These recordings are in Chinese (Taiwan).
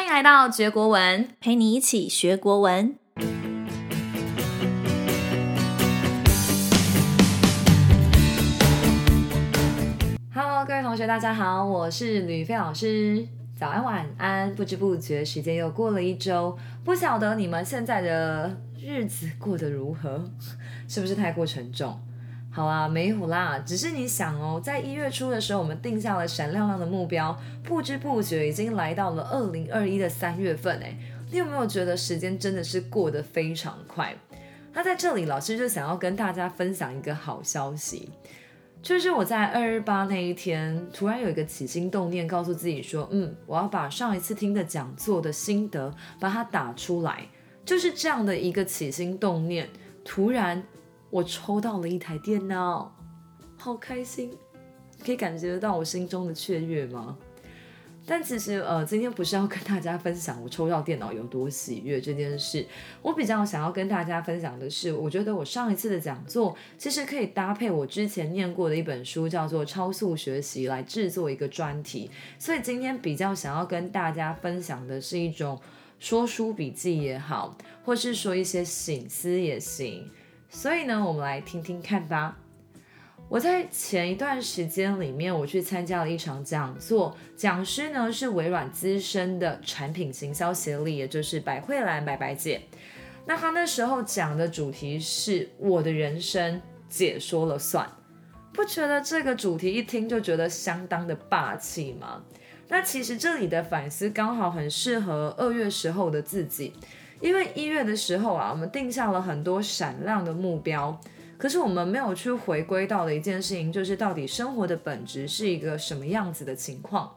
歡迎來到學國文，陪你一起學國文。Hello，各位同學，大家好，我是呂飛老師。早安，晚安。不知不覺，時間又過了一周，不曉得你們現在的日子過得如何，是不是太過沉重？好啊，沒有啦。只是你想哦，在一月初的時候，我們定下了閃亮亮的目標，不知不覺已經來到了二零二一的三月份誒，你有沒有覺得時間真的是過得非常快？那在這裡，老師就想要跟大家分享一個好消息，就是我在二月八那一天，突然有一個起心動念，告訴自己說，嗯，我要把上一次聽的講座的心得把它打出來，就是這樣的一個起心動念，突然。我抽到了一台電腦，好開心，可以感覺得到我心中的雀躍嗎？但其實，呃，今天不是要跟大家分享我抽到電腦有多喜悅這件事。我比較想要跟大家分享的是，我覺得我上一次的講座其實可以搭配我之前念過的一本書，叫做《超速學習》，來製作一個專題。所以今天比較想要跟大家分享的是一種說書筆記也好，或是說一些省思也行。所以呢，我們來聽聽看吧。我在前一段時間裡面，我去參加了一場講座，講師呢是微軟資深的產品行銷協理，也就是白慧蘭白白姐。那她那時候講的主題是“我的人生姐說了算”，不覺得這個主題一聽就覺得相當的霸氣嗎？那其實這裡的反思剛好很適合二月時候的自己。因為一月的時候啊，我們定下了很多閃亮的目標，可是我們沒有去回歸到的一件事情，就是到底生活的本質是一個什麼樣子的情況。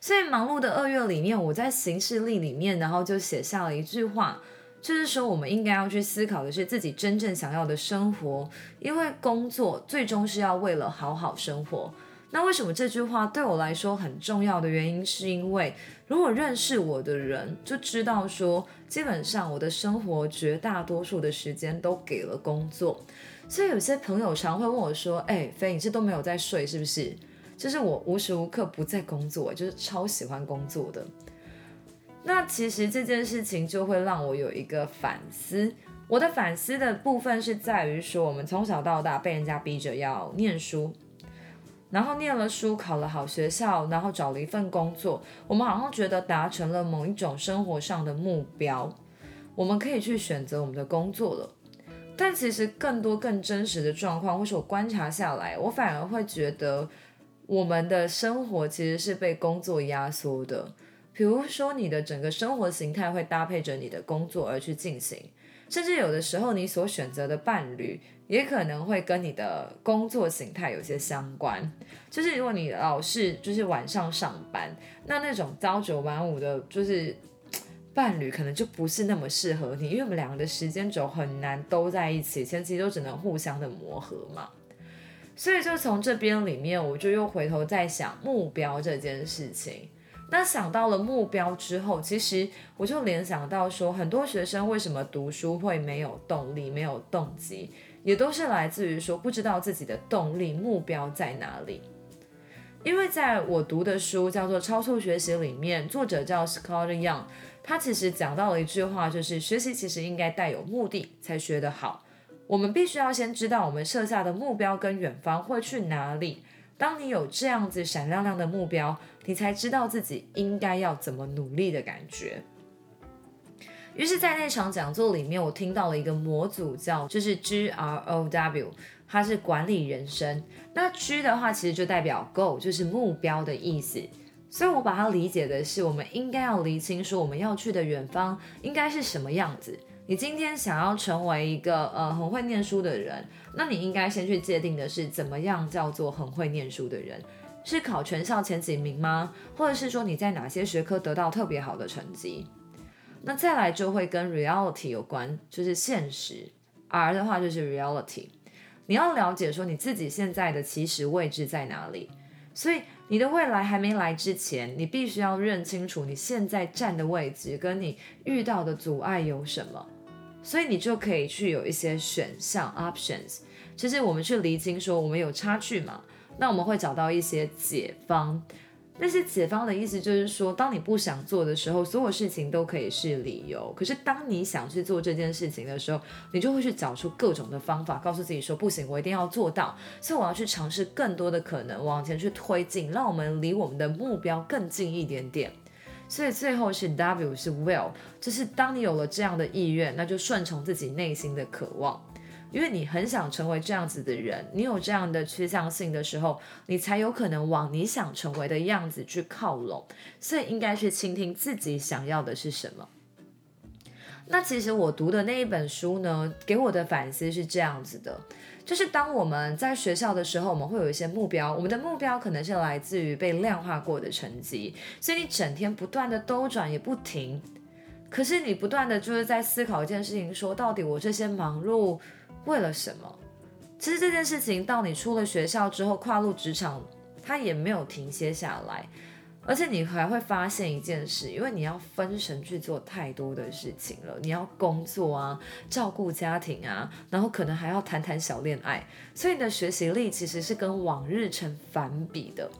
所以忙碌的二月裡面，我在行事曆裡面，然後就寫下了一句話，就是說我們應該要去思考的是自己真正想要的生活，因為工作最終是要為了好好生活。那為什麼這句話對我來說很重要的原因，是因為如果認識我的人就知道說，基本上我的生活絕大多數的時間都給了工作，所以有些朋友常會問我說，哎、欸，緋，你這都沒有在睡是不是？就是我無時無刻不在工作，就是超喜歡工作的。那其實這件事情就會讓我有一個反思。我的反思的部分是在於說，我們從小到大被人家逼着要念書。然後念了書，考了好學校，然後找了一份工作。我們好像覺得達成了某一種生活上的目標，我們可以去選擇我們的工作了。但其實更多、更真實的狀況，或是我觀察下來，我反而會覺得，我們的生活其實是被工作壓縮的。比如說，你的整個生活形態會搭配着你的工作而去進行。甚至有的時候，你所選擇的伴侶也可能會跟你的工作形態有些相關。就是如果你老是就是晚上上班，那那種朝九晚五的，就是伴侶可能就不是那麼適合你，因為我們兩個的時間軸很難都在一起，前期都只能互相的磨合嘛。所以就從這邊裡面，我就又回頭再想目標這件事情。那想到了目標之後，其實我就聯想到說，很多學生為什麼讀書會沒有動力、沒有動機，也都是來自於說不知道自己的動力目標在哪裡。因為在我讀的書叫做《超速學習》裡面，作者叫 Scott Young，他其實講到了一句話，就是學習其實應該帶有目的才學得好。我們必須要先知道我們設下的目標跟遠方會去哪裡。當你有這樣子閃亮亮的目標，你才知道自己應該要怎麼努力的感覺。於是，在那場講座裡面，我聽到了一個模組，叫就是 G R O W，它是管理人生。那 G 的話，其實就代表 Go，就是目標的意思。所以，我把它理解的是，我們應該要理清，說我們要去的遠方應該是什麼樣子。你今天想要成為一個呃很會唸書的人，那你應該先去界定的是怎麼樣叫做很會唸書的人，是考全校前幾名嗎？或者是說你在哪些學科得到特別好的成績？那再來就會跟 reality 有關，就是現實。R 的話就是 reality，你要了解說你自己現在的起始位置在哪裡。所以你的未來還沒來之前，你必須要認清楚你現在站的位置跟你遇到的阻礙有什麼。所以你就可以去有一些選項 options。其實我們去釐清說我們有差距嘛？那我們會找到一些解方。那些解方的意思就是說，當你不想做的時候，所有事情都可以是理由。可是當你想去做這件事情的時候，你就會去找出各種的方法，告訴自己說不行，我一定要做到。所以我要去嘗試更多的可能，往前去推進，讓我們離我們的目標更近一點點。所以最後是 W 是 Will，就是當你有了這樣的意願，那就順從自己內心的渴望，因為你很想成為這樣子的人，你有這樣的趨向性的時候，你才有可能往你想成為的樣子去靠攏。所以應該是傾聽自己想要的是什麼。那其實我讀的那一本書呢，給我的反思是這樣子的，就是當我們在學校的時候，我們會有一些目標，我們的目標可能是來自於被量化過的成績，所以你整天不斷的兜轉也不停，可是你不斷的就是在思考一件事情，說到底我這些忙碌為了什麼？其實這件事情到你出了學校之後，跨入職場，它也沒有停歇下來。而且你還會發現一件事，因為你要分神去做太多的事情了，你要工作啊，照顧家庭啊，然後可能還要談談小戀愛，所以你的學習力其實是跟往日成反比的。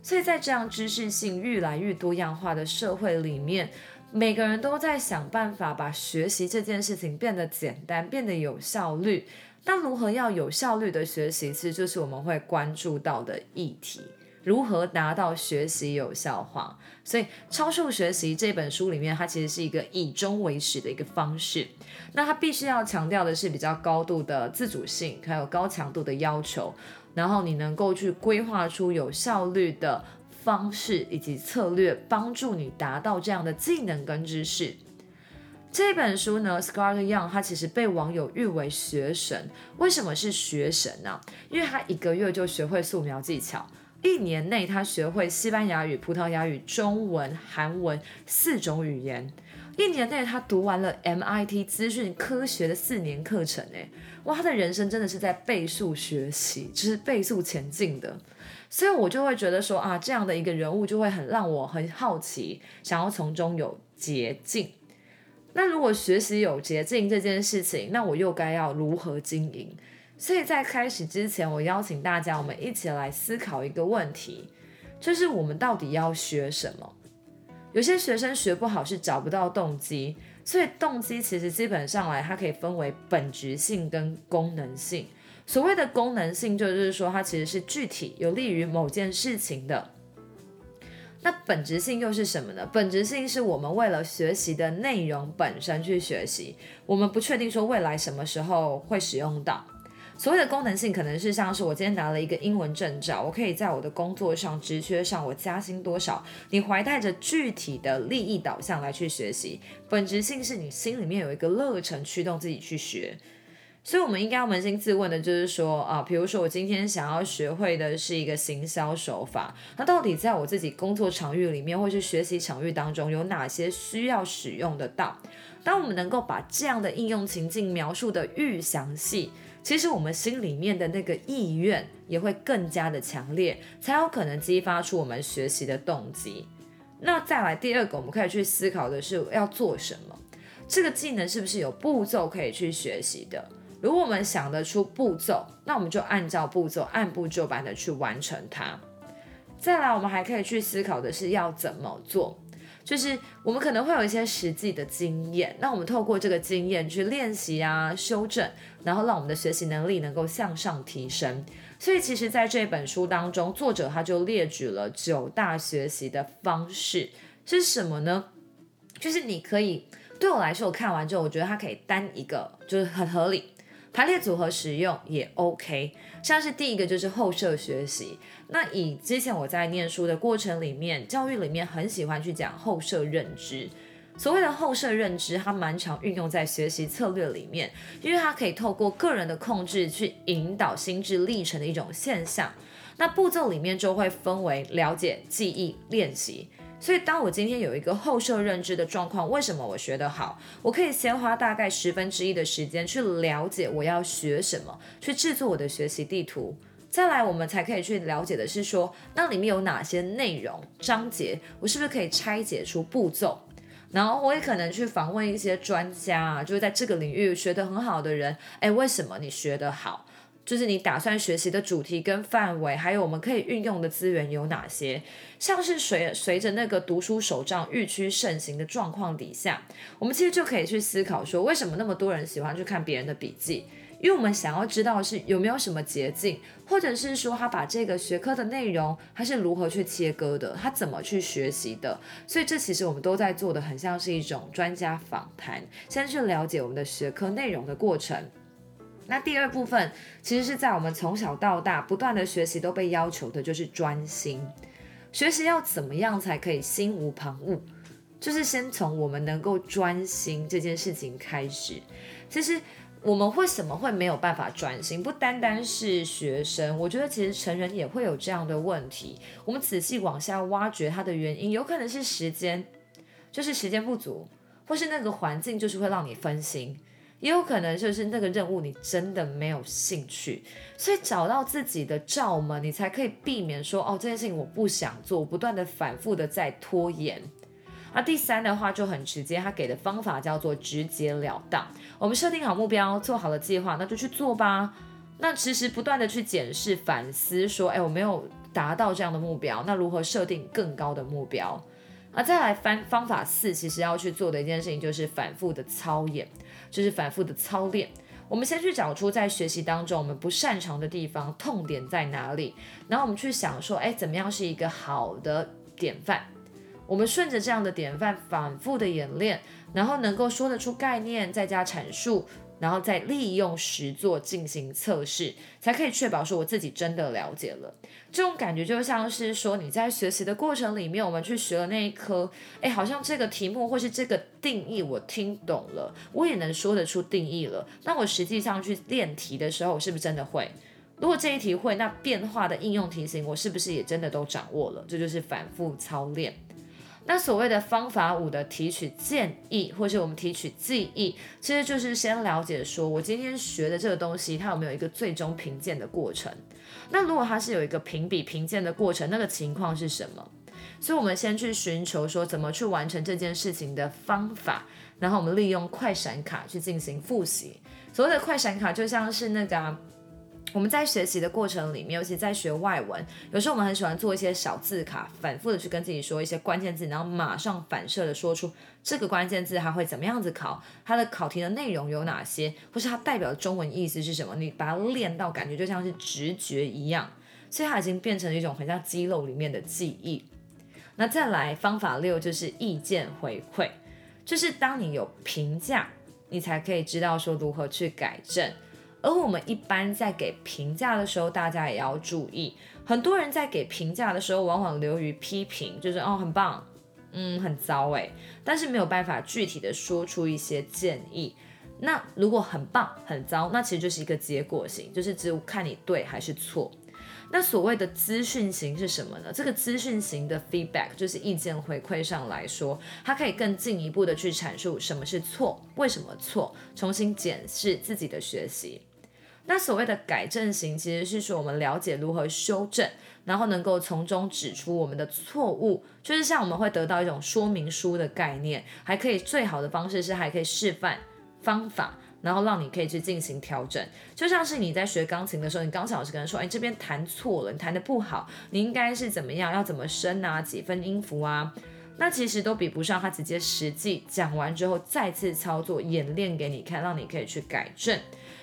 所以在這樣知識性越來越多樣化的社會裡面，每個人都在想辦法把學習這件事情變得簡單、變得有效率。但如何要有效率的學習，其實就是我們會關注到的議題。如何達到學習有效化？所以《超速學習》這本書裡面，它其實是一個以終為始的一個方式。那它必須要強調的是比較高度的自主性，還有高強度的要求。然後你能夠去規劃出有效率的方式以及策略，幫助你達到這樣的技能跟知識。這本書呢，Scott Young 他其實被網友譽為“學神”。為什麼是學神呢、啊？因為他一個月就學會素描技巧。一年內，他學會西班牙語、葡萄牙語、中文、韓文四種語言。一年內，他讀完了 MIT 資訊科學的四年課程。誒，哇，他的人生真的是在倍速學習，就是倍速前進的。所以，我就會覺得說啊，這樣的一個人物就會很讓我很好奇，想要從中有捷徑。那如果學習有捷徑這件事情，那我又該要如何經營？所以在開始之前，我邀請大家，我們一起來思考一個問題，就是我們到底要學什麼？有些學生學不好是找不到動機，所以動機其實基本上來，它可以分為本質性跟功能性。所謂的功能性，就是說它其實是具體有利於某件事情的。那本質性又是什麼呢？本質性是我們為了學習的內容本身去學習，我們不確定說未來什麼時候會使用到。所謂的功能性可能是像是我今天拿了一個英文證照，我可以在我的工作上、職缺上，我加薪多少？你懷帶着具體的利益導向來去學習。本質性是你心裡面有一個熱忱，驅動自己去學。所以，我們應該要捫心自問的就是說啊，比如說我今天想要學會的是一個行銷手法，那到底在我自己工作場域裡面，或是學習場域當中，有哪些需要使用得到？當我們能夠把這樣的應用情境描述得愈詳細，其實我們心裡面的那個意願也會更加的強烈，才有可能激發出我們學習的動機。那再來第二個，我們可以去思考的是要做什麼？這個技能是不是有步驟可以去學習的？如果我們想得出步驟，那我們就按照步驟，按部就班的去完成它。再來，我們還可以去思考的是要怎麼做。就是我們可能會有一些實際的經驗，那我們透過這個經驗去練習啊、修正，然後讓我們的學習能力能夠向上提升。所以其實在這本書當中，作者他就列舉了九大學習的方式是什麼呢？就是你可以，對我來說，我看完之後，我覺得它可以單一個，就是很合理。排列組合使用也 OK，像是第一個就是後設學習。那以之前我在念書的過程裡面，教育裡面很喜歡去講後設認知。所謂的後設認知，它蠻常運用在學習策略裡面，因為它可以透過個人的控制去引導心智歷程的一種現象。那步驟裡面就會分為了解、記憶、練習。所以，當我今天有一個後設認知的狀況，為什麼我學得好？我可以先花大概十分之一的時間去了解我要學什麼，去制作我的學習地圖。再來，我們才可以去了解的是說，那裡面有哪些內容章節，我是不是可以拆解出步驟？然後，我也可能去訪問一些專家啊，就是在這個領域學得很好的人，哎，為什麼你學得好？就是你打算學習的主題跟範圍，還有我們可以運用的資源有哪些？像是隨隨着那個讀書手賬日趨盛行的狀況底下，我們其實就可以去思考說，為什麼那麼多人喜歡去看別人的筆記？因為我們想要知道是有沒有什麼捷徑，或者是說他把這個學科的內容他是如何去切割的，他怎麼去學習的？所以這其實我們都在做的很像是一種專家訪談，先去了解我們的學科內容的過程。那第二部分，其實是在我們從小到大不斷的學習都被要求的，就是專心。學習要怎麼樣才可以心無旁騖，就是先從我們能夠專心這件事情開始。其實我們為什麼會沒有辦法專心，不單單是學生，我覺得其實成人也會有這樣的問題。我們仔細往下挖掘它的原因，有可能是時間，就是時間不足，或是那個環境就是會讓你分心。也有可能就是那個任務你真的沒有興趣，所以找到自己的罩門，你才可以避免說哦，這件事情我不想做，不斷的反覆的在拖延啊。第三的話就很直接，他給的方法叫做直截了當。我們設定好目標，做好了計劃，那就去做吧。那其實不斷的去檢視、反思，說哎，我沒有達到這樣的目標，那如何設定更高的目標？那、啊、再來翻方法四，其實要去做的一件事情就是反覆的操演。就是反復的操練。我們先去找出在學習當中我們不擅長的地方，痛點在哪裡，然後我們去想說，哎，怎麼樣是一個好的典範？我們順着這樣的典範反復的演練，然後能夠說得出概念，再加闡述。然後再利用實作進行測試，才可以確保說我自己真的了解了。這種感覺就像是說你在學習的過程裡面，我們去學了那一科，誒，好像這個題目或是這個定義我聽懂了，我也能說得出定義了。那我實際上去練題的時候，是不是真的會？如果這一題會，那變化的應用題型，我是不是也真的都掌握了？這就是反復操練。那所謂的方法五的提取建議，或是我們提取記憶，其實就是先了解說，我今天學的這個東西，它有沒有一個最終評鑑的過程？那如果它是有一個評比評鑑的過程，那個情況是什麼？所以，我們先去尋求說，怎麼去完成這件事情的方法，然後我們利用快閃卡去進行複習。所謂的快閃卡，就像是那個、啊。我們在學習的過程裡面，尤其在學外文，有時候我們很喜歡做一些小字卡，反覆的去跟自己說一些關鍵字，然後馬上反射的說出這個關鍵字，它會怎麼樣子考，它的考題的內容有哪些，或是它代表的中文意思是什麼？你把它練到感覺就像是直覺一樣，所以它已經變成了一種很像肌肉裡面的記憶。那再來方法六就是意見回饋，就是當你有評價，你才可以知道說如何去改正。而我們一般在給評價的時候，大家也要注意，很多人在給評價的時候，往往流於批評，就是哦很棒，嗯很糟誒，但是沒有辦法具體的說出一些建議。那如果很棒很糟，那其實就是一個結果型，就是只有看你對還是錯。那所謂的資訊型是什麼呢？這個資訊型的 feedback 就是意見回饋上來說，它可以更進一步的去闡述什麼是錯，為什麼錯，重新檢視自己的學習。那所謂的改正型其實是說我們了解如何修正，然後能夠從中指出我們的錯誤，就是像我們會得到一種說明書的概念，還可以最好的方式是還可以示範方法。然後讓你可以去進行調整，就像是你在學鋼琴的時候，你鋼琴老師跟你說，哎，這邊彈錯了，你彈得不好，你應該是怎麼樣，要怎麼升啊，幾分音符啊，那其實都比不上他直接實際講完之後再次操作演練給你看，讓你可以去改正。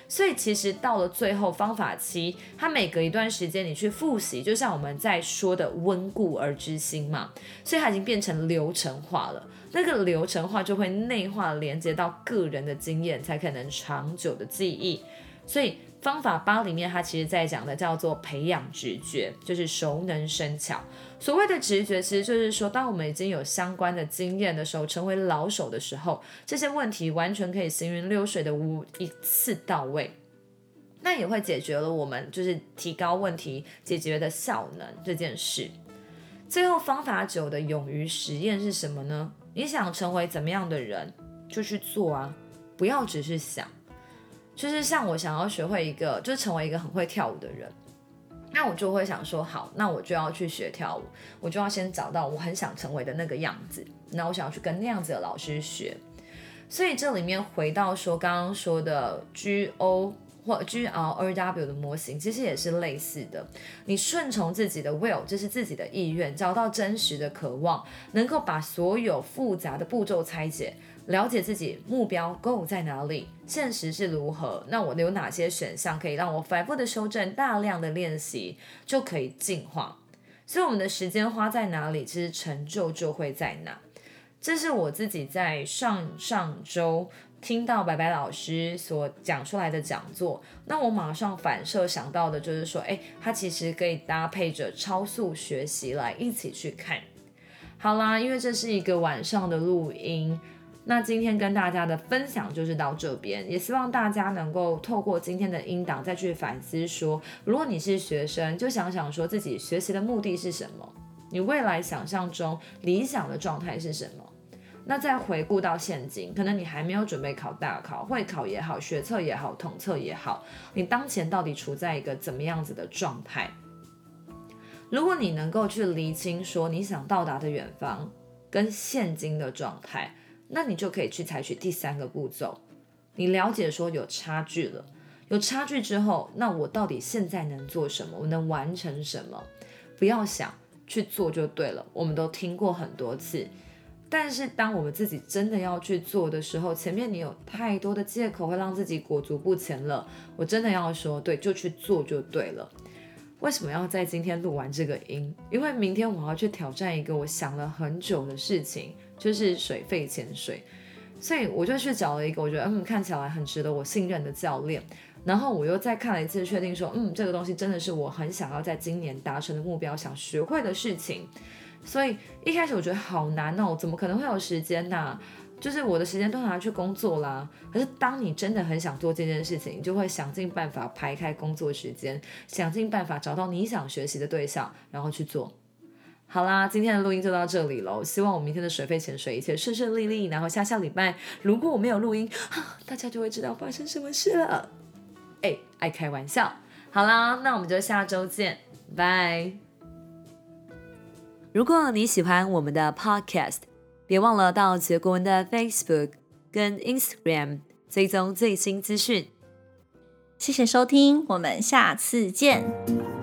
所以其實到了最後方法期，他每隔一段時間你去複習，就像我們在說的溫故而知新嘛，所以它已經變成流程化了。那個流程化就會內化，連接到個人的經驗，才可能長久的記憶。所以方法八裡面，它其實在講的叫做培養直覺，就是熟能生巧。所謂的直覺，其實就是說，當我們已經有相關的經驗的時候，成為老手的時候，這些問題完全可以行雲流水的無一次到位。那也會解決了我們就是提高問題解決的效能這件事。最後方法九的勇於實驗是什麼呢？你想成為怎麼樣的人，就去做啊！不要只是想，就是像我想要學會一個，就是、成為一個很會跳舞的人，那我就會想說，好，那我就要去學跳舞，我就要先找到我很想成為的那個樣子，那我想要去跟那樣子的老師學。所以這裡面回到說剛剛說的 GO。或 GROW 的模型其實也是類似的。你順從自己的 will，就是自己的意願，找到真實的渴望，能夠把所有複雜的步驟拆解，了解自己目標 goal 在哪裡，現實是如何。那我有哪些選項可以讓我反復的修正？大量的練習就可以進化。所以，我們的時間花在哪裡，其實成就就會在哪。這是我自己在上上週。聽到白白老師所講出來的講座，那我馬上反射想到的就是說，哎，他其實可以搭配着超速學習來一起去看。好啦，因為這是一個晚上的錄音，那今天跟大家的分享就是到這邊，也希望大家能夠透過今天的音檔再去反思說，說如果你是學生，就想想說自己學習的目的是什麼，你未來想象中理想的狀態是什麼。那再回顧到現今，可能你還沒有準備考大考，會考也好，學測也好，統測也好，你當前到底處在一個怎麼樣子的狀態？如果你能夠去釐清說你想到達的遠方跟現今的狀態，那你就可以去採取第三個步驟。你了解說有差距了，有差距之後，那我到底現在能做什麼？我能完成什麼？不要想去做就對了。我們都聽過很多次。但是當我們自己真的要去做的時候，前面你有太多的借口會讓自己裹足不前了。我真的要說，對，就去做就對了。為什麼要在今天錄完這個音？因為明天我要去挑戰一個我想了很久的事情，就是水肺潛水。所以我就去找了一個我覺得嗯看起來很值得我信任的教練，然後我又再看了一次，確定說嗯這個東西真的是我很想要在今年達成的目標，想學會的事情。所以一開始我覺得好難哦，怎麼可能會有時間呢、啊？就是我的時間都拿去工作啦。可是當你真的很想做這件事情，你就會想盡辦法排開工作時間，想盡辦法找到你想學習的對象，然後去做。好啦，今天的錄音就到這裡嘍。希望我明天的水肺潛水一切順順利利。然後下下禮拜，如果我沒有錄音，啊、大家就會知道發生什麼事了。哎、欸，愛開玩笑。好啦，那我們就下周見，拜拜。如果你喜歡我們的 Podcast，別忘了到傑國文的 Facebook 跟 Instagram 追蹤最新資訊。謝謝收聽，我們下次見。